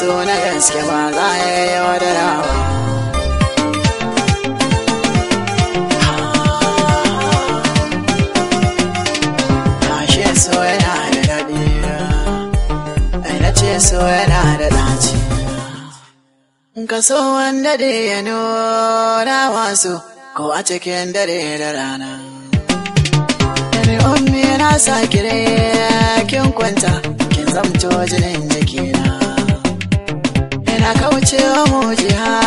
so na gaske ba za a yi wadara ba so yana da daɗi na ce so yana da ɗaci ka wanda da ya nuna wasu ko a cikin dare da rana Ɗari'un sa kire kin kwanta kin zamto jinin jikina na kauce mu jiha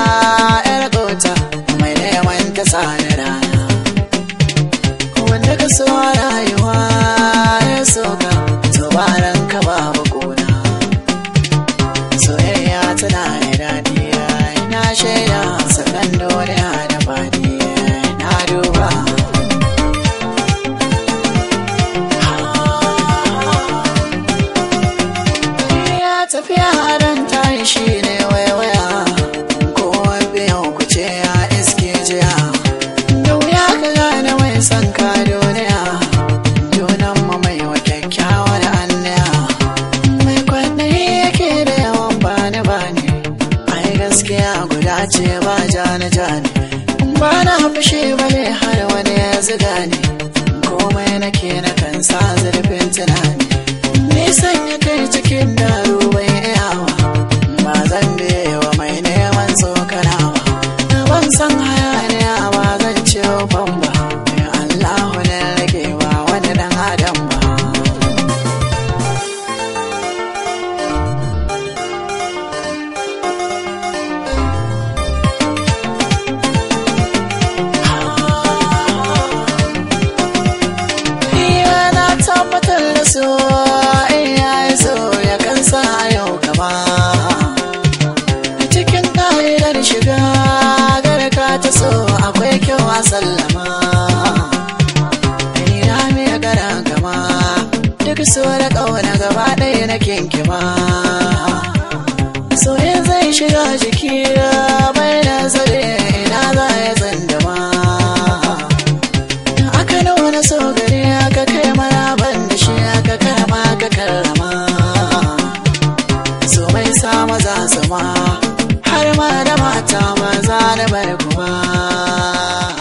Tashi ne waiwaya kowa biyan ku ce ya iske jiya da wuya ka gane mai son ka duniya junan mu mai wa kyakkyawar annaya mai kwaɗayi yake da yawan bani bani ai gaskiya guda ce ba jani jani ba fushi ba ne har wani ya ne. komai nake na kan sa zurfin tunani nisan ya kai cikin daru shiga garka ta so akwai kyau a sallama ni na mai gara gama duk ra ƙauna gaba ɗaya na kinkima so zai shiga jikina ma da mata maza da bar kuma